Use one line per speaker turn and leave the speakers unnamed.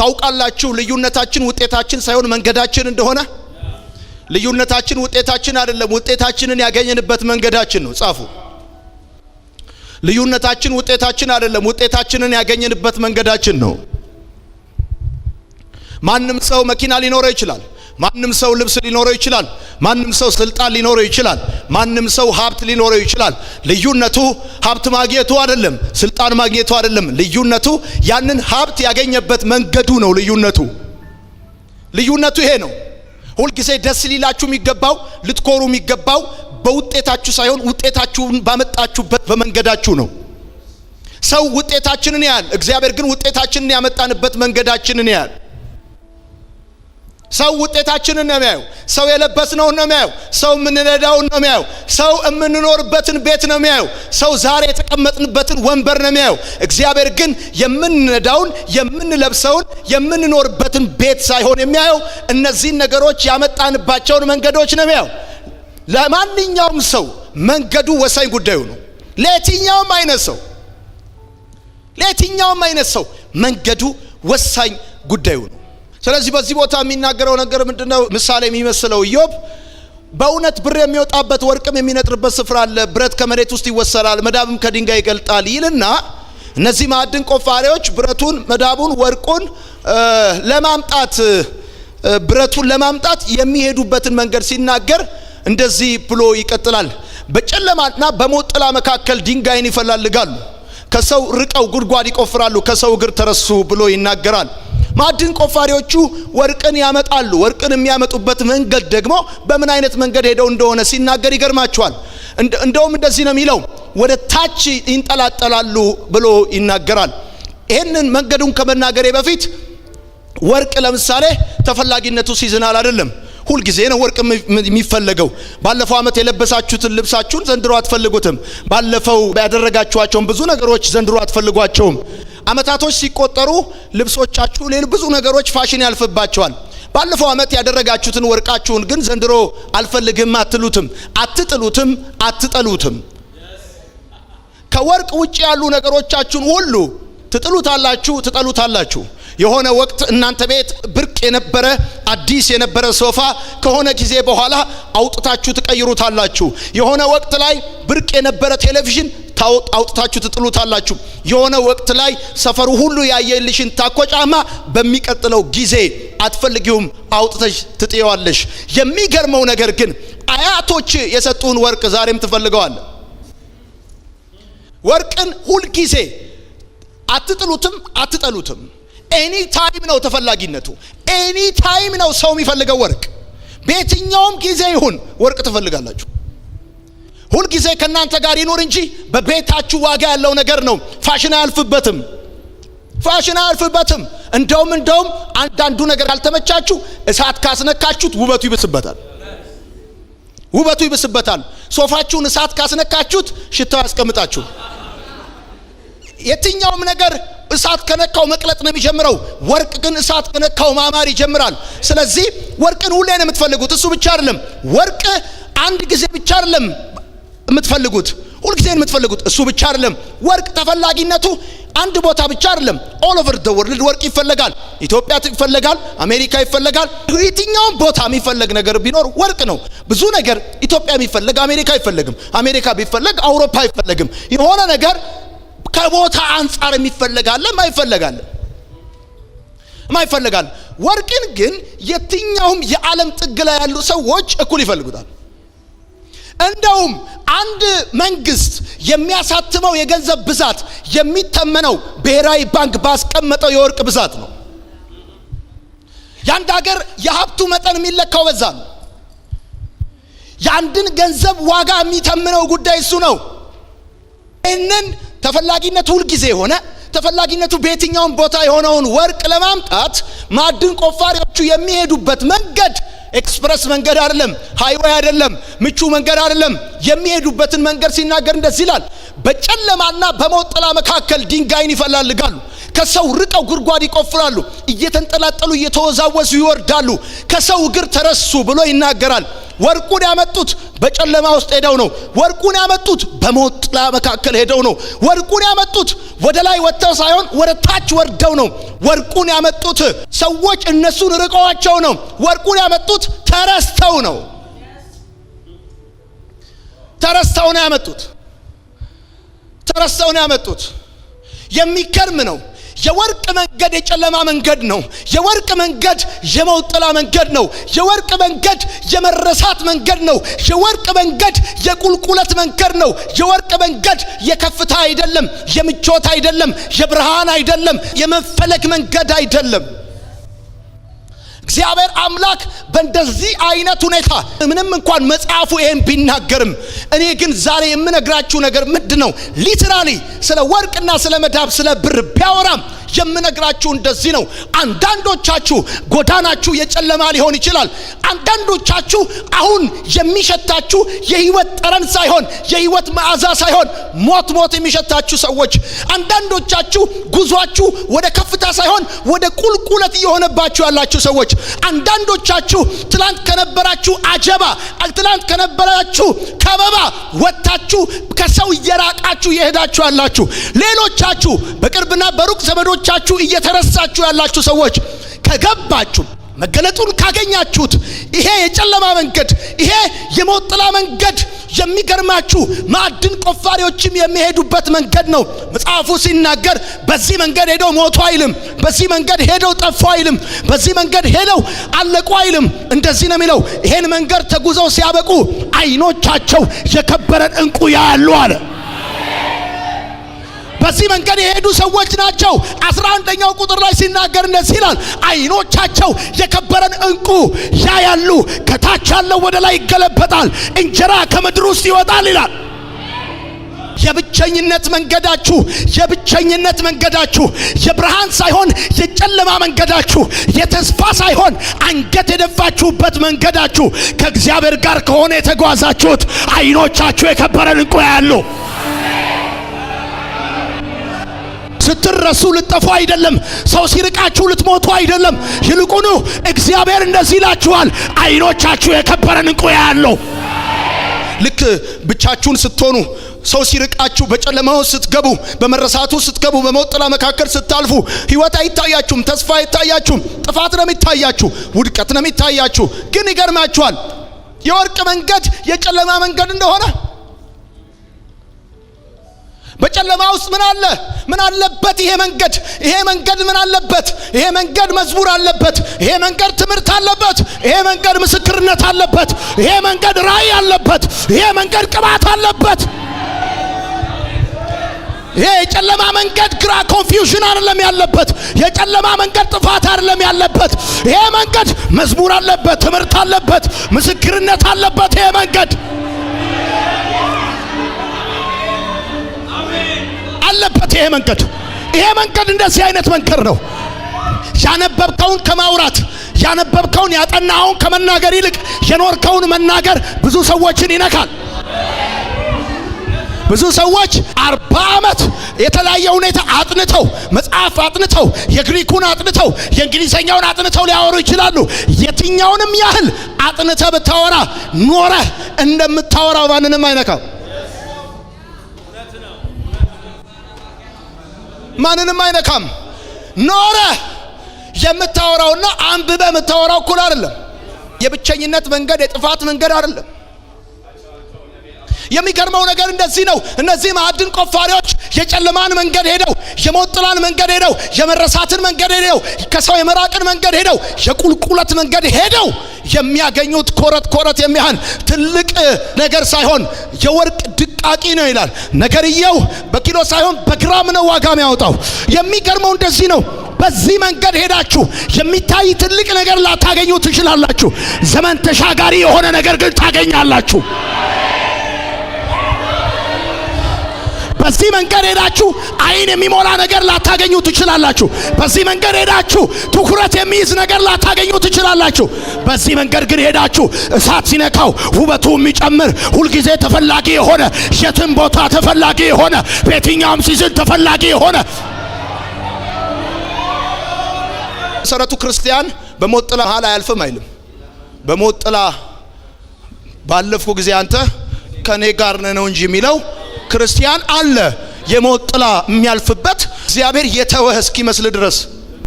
ታውቃላችሁ ልዩነታችን ውጤታችን ሳይሆን መንገዳችን እንደሆነ። ልዩነታችን ውጤታችን አይደለም፣ ውጤታችንን ያገኘንበት መንገዳችን ነው። ጻፉ። ልዩነታችን ውጤታችን አይደለም፣ ውጤታችንን ያገኘንበት መንገዳችን ነው። ማንም ሰው መኪና ሊኖረው ይችላል። ማንም ሰው ልብስ ሊኖረው ይችላል። ማንም ሰው ስልጣን ሊኖረው ይችላል። ማንም ሰው ሀብት ሊኖረው ይችላል። ልዩነቱ ሀብት ማግኘቱ አይደለም፣ ስልጣን ማግኘቱ አይደለም። ልዩነቱ ያንን ሀብት ያገኘበት መንገዱ ነው። ልዩነቱ ልዩነቱ ይሄ ነው። ሁልጊዜ ደስ ሊላችሁ የሚገባው ልትኮሩ የሚገባው በውጤታችሁ ሳይሆን ውጤታችሁን ባመጣችሁበት በመንገዳችሁ ነው። ሰው ውጤታችንን ያህል፣ እግዚአብሔር ግን ውጤታችንን ያመጣንበት መንገዳችንን ያል። ሰው ውጤታችንን ነው የሚያዩ። ሰው የለበስነውን ነው የሚያዩ። ሰው የምንነዳውን ነው የሚያዩ። ሰው የምንኖርበትን ቤት ነው የሚያዩ። ሰው ዛሬ የተቀመጥንበትን ወንበር ነው የሚያዩ። እግዚአብሔር ግን የምንነዳውን፣ የምንለብሰውን፣ የምንኖርበትን ቤት ሳይሆን የሚያየው እነዚህን ነገሮች ያመጣንባቸውን መንገዶች ነው የሚያዩ። ለማንኛውም ሰው መንገዱ ወሳኝ ጉዳዩ ነው። ለየትኛውም አይነት ሰው ለየትኛውም አይነት ሰው መንገዱ ወሳኝ ጉዳዩ ነው። ስለዚህ በዚህ ቦታ የሚናገረው ነገር ምንድነው? ምሳሌ የሚመስለው ኢዮብ በእውነት ብር የሚወጣበት ወርቅም የሚነጥርበት ስፍራ አለ፣ ብረት ከመሬት ውስጥ ይወሰዳል፣ መዳብም ከድንጋይ ይገልጣል ይልና እነዚህ ማዕድን ቆፋሪዎች ብረቱን፣ መዳቡን፣ ወርቁን ለማምጣት ብረቱን ለማምጣት የሚሄዱበትን መንገድ ሲናገር እንደዚህ ብሎ ይቀጥላል። በጨለማና በሞት ጥላ መካከል ድንጋይን ይፈላልጋሉ፣ ከሰው ርቀው ጉድጓድ ይቆፍራሉ፣ ከሰው እግር ተረሱ ብሎ ይናገራል። ማዕድን ቆፋሪዎቹ ወርቅን ያመጣሉ። ወርቅን የሚያመጡበት መንገድ ደግሞ በምን አይነት መንገድ ሄደው እንደሆነ ሲናገር ይገርማቸዋል። እንደውም እንደዚህ ነው የሚለው፣ ወደ ታች ይንጠላጠላሉ ብሎ ይናገራል። ይህንን መንገዱን ከመናገሬ በፊት ወርቅ ለምሳሌ ተፈላጊነቱ ሲዝናል አይደለም። ሁልጊዜ ነው ወርቅ የሚፈለገው። ባለፈው ዓመት የለበሳችሁትን ልብሳችሁን ዘንድሮ አትፈልጉትም። ባለፈው ያደረጋችኋቸውን ብዙ ነገሮች ዘንድሮ አትፈልጓቸውም። አመታቶች ሲቆጠሩ ልብሶቻችሁ ሌል ብዙ ነገሮች ፋሽን ያልፍባቸዋል። ባለፈው አመት ያደረጋችሁትን ወርቃችሁን ግን ዘንድሮ አልፈልግም አትሉትም፣ አትጥሉትም፣ አትጠሉትም። ከወርቅ ውጭ ያሉ ነገሮቻችሁን ሁሉ ትጥሉታላችሁ፣ ትጠሉታላችሁ። የሆነ ወቅት እናንተ ቤት ብርቅ የነበረ አዲስ የነበረ ሶፋ ከሆነ ጊዜ በኋላ አውጥታችሁ ትቀይሩታላችሁ። የሆነ ወቅት ላይ ብርቅ የነበረ ቴሌቪዥን አውጥታችሁ ትጥሉታላችሁ። የሆነ ወቅት ላይ ሰፈሩ ሁሉ ያየልሽን ታኮ ጫማ በሚቀጥለው ጊዜ አትፈልጊውም፣ አውጥተሽ ትጥየዋለሽ። የሚገርመው ነገር ግን አያቶች የሰጡን ወርቅ ዛሬም ትፈልገዋለ። ወርቅን ሁልጊዜ አትጥሉትም፣ አትጠሉትም። ኤኒ ታይም ነው ተፈላጊነቱ፣ ኤኒ ታይም ነው ሰው የሚፈልገው ወርቅ። በየትኛውም ጊዜ ይሁን ወርቅ ትፈልጋላችሁ። ሁልጊዜ ከእናንተ ጋር ይኖር እንጂ በቤታችሁ ዋጋ ያለው ነገር ነው። ፋሽን አያልፍበትም። ፋሽን አያልፍበትም። እንደውም እንደውም አንዳንዱ ነገር ካልተመቻችሁ እሳት ካስነካችሁት ውበቱ ይብስበታል። ውበቱ ይብስበታል። ሶፋችሁን እሳት ካስነካችሁት ሽታው ያስቀምጣችሁ። የትኛውም ነገር እሳት ከነካው መቅለጥ ነው የሚጀምረው። ወርቅ ግን እሳት ከነካው ማማር ይጀምራል። ስለዚህ ወርቅን ሁሌ ነው የምትፈልጉት። እሱ ብቻ አይደለም፣ ወርቅ አንድ ጊዜ ብቻ አይደለም የምትፈልጉት ሁልጊዜ የምትፈልጉት እሱ ብቻ አይደለም። ወርቅ ተፈላጊነቱ አንድ ቦታ ብቻ አይደለም። ኦል ኦቨር ዘ ወርልድ ወርቅ ይፈለጋል። ኢትዮጵያ ይፈለጋል፣ አሜሪካ ይፈለጋል። የትኛውም ቦታ የሚፈለግ ነገር ቢኖር ወርቅ ነው። ብዙ ነገር ኢትዮጵያ የሚፈለግ አሜሪካ አይፈለግም፣ አሜሪካ ቢፈለግ አውሮፓ አይፈለግም። የሆነ ነገር ከቦታ አንጻር የሚፈለጋለ ማይፈለጋለ ማይፈለጋል። ወርቅን ግን የትኛውም የዓለም ጥግ ላይ ያሉ ሰዎች እኩል ይፈልጉታል። እንደውም አንድ መንግስት የሚያሳትመው የገንዘብ ብዛት የሚተመነው ብሔራዊ ባንክ ባስቀመጠው የወርቅ ብዛት ነው። የአንድ ሀገር የሀብቱ መጠን የሚለካው በዛ ነው። የአንድን ገንዘብ ዋጋ የሚተምነው ጉዳይ እሱ ነው። ይህንን ተፈላጊነቱ ሁልጊዜ የሆነ ተፈላጊነቱ በየትኛውም ቦታ የሆነውን ወርቅ ለማምጣት ማዕድን ቆፋሪዎቹ የሚሄዱበት መንገድ ኤክስፕረስ መንገድ አይደለም፣ ሃይዌይ አይደለም፣ ምቹ መንገድ አይደለም። የሚሄዱበትን መንገድ ሲናገር እንደዚህ ይላል፣ በጨለማና በሞት ጥላ መካከል ድንጋይን ይፈላልጋሉ። ከሰው ርቀው ጉድጓድ ይቆፍራሉ፣ እየተንጠላጠሉ እየተወዛወዙ ይወርዳሉ። ከሰው እግር ተረሱ ብሎ ይናገራል። ወርቁን ያመጡት በጨለማ ውስጥ ሄደው ነው። ወርቁን ያመጡት በሞት ጥላ መካከል ሄደው ነው። ወርቁን ያመጡት ወደ ላይ ወጥተው ሳይሆን ወደ ታች ወርደው ነው። ወርቁን ያመጡት ሰዎች እነሱን ርቀዋቸው ነው። ወርቁን ያመጡት ተረስተው ነው። ተረስተው ነው ያመጡት። ተረስተው ነው ያመጡት። የሚገርም ነው። የወርቅ መንገድ የጨለማ መንገድ ነው። የወርቅ መንገድ የመውጠላ መንገድ ነው። የወርቅ መንገድ የመረሳት መንገድ ነው። የወርቅ መንገድ የቁልቁለት መንገድ ነው። የወርቅ መንገድ የከፍታ አይደለም፣ የምቾት አይደለም፣ የብርሃን አይደለም፣ የመፈለግ መንገድ አይደለም። እግዚአብሔር አምላክ በእንደዚህ አይነት ሁኔታ ምንም እንኳን መጽሐፉ ይሄን ቢናገርም እኔ ግን ዛሬ የምነግራችሁ ነገር ምንድን ነው? ሊትራሊ ስለ ወርቅና ስለ መዳብ ስለ ብር ቢያወራም የምነግራችሁ እንደዚህ ነው። አንዳንዶቻችሁ ጎዳናችሁ የጨለማ ሊሆን ይችላል። አንዳንዶቻችሁ አሁን የሚሸታችሁ የህይወት ጠረን ሳይሆን የህይወት መዓዛ ሳይሆን ሞት ሞት የሚሸታችሁ ሰዎች፣ አንዳንዶቻችሁ ጉዟችሁ ወደ ከፍታ ሳይሆን ወደ ቁልቁለት እየሆነባችሁ ያላችሁ ሰዎች፣ አንዳንዶቻችሁ ትላንት ከነበራችሁ አጀባ፣ ትላንት ከነበራችሁ ከበባ ወጥታችሁ ከሰው እየራቃችሁ እየሄዳችሁ ያላችሁ ሌሎቻችሁ በቅርብና በሩቅ ዘመዶ ከአባቶቻችሁ እየተረሳችሁ ያላችሁ ሰዎች ከገባችሁ መገለጡን ካገኛችሁት ይሄ የጨለማ መንገድ ይሄ የሞት ጥላ መንገድ የሚገርማችሁ ማዕድን ቆፋሪዎችም የሚሄዱበት መንገድ ነው። መጽሐፉ ሲናገር በዚህ መንገድ ሄደው ሞቱ አይልም። በዚህ መንገድ ሄደው ጠፉ አይልም። በዚህ መንገድ ሄደው አለቁ አይልም። እንደዚህ ነው የሚለው። ይሄን መንገድ ተጉዘው ሲያበቁ አይኖቻቸው የከበረን እንቁ ያያሉ አለ። በዚህ መንገድ የሄዱ ሰዎች ናቸው። አስራ አንደኛው ቁጥር ላይ ሲናገር እንደዚህ ይላል፣ አይኖቻቸው የከበረን እንቁ ያያሉ፣ ከታች ያለው ወደ ላይ ይገለበጣል፣ እንጀራ ከምድር ውስጥ ይወጣል ይላል። የብቸኝነት መንገዳችሁ የብቸኝነት መንገዳችሁ የብርሃን ሳይሆን የጨለማ መንገዳችሁ የተስፋ ሳይሆን አንገት የደፋችሁበት መንገዳችሁ ከእግዚአብሔር ጋር ከሆነ የተጓዛችሁት አይኖቻችሁ የከበረን እንቁ ያያሉ። ስትረሱ ልጠፉ አይደለም። ሰው ሲርቃችሁ ልትሞቱ አይደለም። ይልቁኑ እግዚአብሔር እንደዚህ ይላችኋል፣ አይኖቻችሁ የከበረን እንቁ ያለው ልክ ብቻችሁን ስትሆኑ ሰው ሲርቃችሁ በጨለማው ስትገቡ በመረሳቱ ስትገቡ በሞት ጥላ መካከል ስታልፉ ህይወት አይታያችሁም፣ ተስፋ አይታያችሁም፣ ጥፋት ነው የሚታያችሁ፣ ውድቀት ነው የሚታያችሁ። ግን ይገርማችኋል የወርቅ መንገድ የጨለማ መንገድ እንደሆነ በጨለማ ውስጥ ምን አለ? ምን አለበት? ይሄ መንገድ ይሄ መንገድ ምን አለበት? ይሄ መንገድ መዝሙር አለበት። ይሄ መንገድ ትምህርት አለበት። ይሄ መንገድ ምስክርነት አለበት። ይሄ መንገድ ራእይ አለበት። ይሄ መንገድ ቅባት አለበት። ይሄ የጨለማ መንገድ ግራ ኮንፊውዥን አይደለም ያለበት። የጨለማ መንገድ ጥፋት አይደለም ያለበት። ይሄ መንገድ መዝሙር አለበት፣ ትምህርት አለበት፣ ምስክርነት አለበት። ይሄ መንገድ ይሄ መንገድ ይሄ መንገድ እንደዚህ አይነት መንገድ ነው። ያነበብከውን ከማውራት ያነበብከውን ያጠናኸውን ከመናገር ይልቅ የኖርከውን መናገር ብዙ ሰዎችን ይነካል። ብዙ ሰዎች አርባ ዓመት የተለያየ ሁኔታ አጥንተው መጽሐፍ አጥንተው የግሪኩን አጥንተው የእንግሊዘኛውን አጥንተው ሊያወሩ ይችላሉ። የትኛውንም ያህል አጥንተ ብታወራ ኖረህ እንደምታወራው ማንንም አይነካው። ማንንም አይነካም። ኖረ የምታወራውና አንብበ የምታወራው እኩል አይደለም። የብቸኝነት መንገድ የጥፋት መንገድ አይደለም። የሚገርመው ነገር እንደዚህ ነው። እነዚህ ማዕድን ቆፋሪዎች የጨለማን መንገድ ሄደው፣ የሞት ጥላን መንገድ ሄደው፣ የመረሳትን መንገድ ሄደው፣ ከሰው የመራቅን መንገድ ሄደው፣ የቁልቁለት መንገድ ሄደው የሚያገኙት ኮረት ኮረት የሚያህል ትልቅ ነገር ሳይሆን የወርቅ ድቃቂ ነው ይላል። ነገርየው በኪሎ ሳይሆን በግራም ነው ዋጋ የሚያወጣው። የሚገርመው እንደዚህ ነው። በዚህ መንገድ ሄዳችሁ የሚታይ ትልቅ ነገር ላታገኙ ትችላላችሁ። ዘመን ተሻጋሪ የሆነ ነገር ግን ታገኛላችሁ። በዚህ መንገድ ሄዳችሁ አይን የሚሞላ ነገር ላታገኙ ትችላላችሁ። በዚህ መንገድ ሄዳችሁ ትኩረት የሚይዝ ነገር ላታገኙ ትችላላችሁ። በዚህ መንገድ ግን ሄዳችሁ እሳት ሲነካው ውበቱ የሚጨምር ሁልጊዜ ተፈላጊ የሆነ የትም ቦታ ተፈላጊ የሆነ በየትኛውም ሲዝን ተፈላጊ የሆነ መሰረቱ ክርስቲያን በሞት ጥላ መሃል አያልፍም አይልም። በሞት ጥላ ባለፍኩ ጊዜ አንተ ከኔ ጋር ነው እንጂ የሚለው ክርስቲያን አለ የሞት ጥላ የሚያልፍበት እግዚአብሔር የተወህ እስኪመስል ድረስ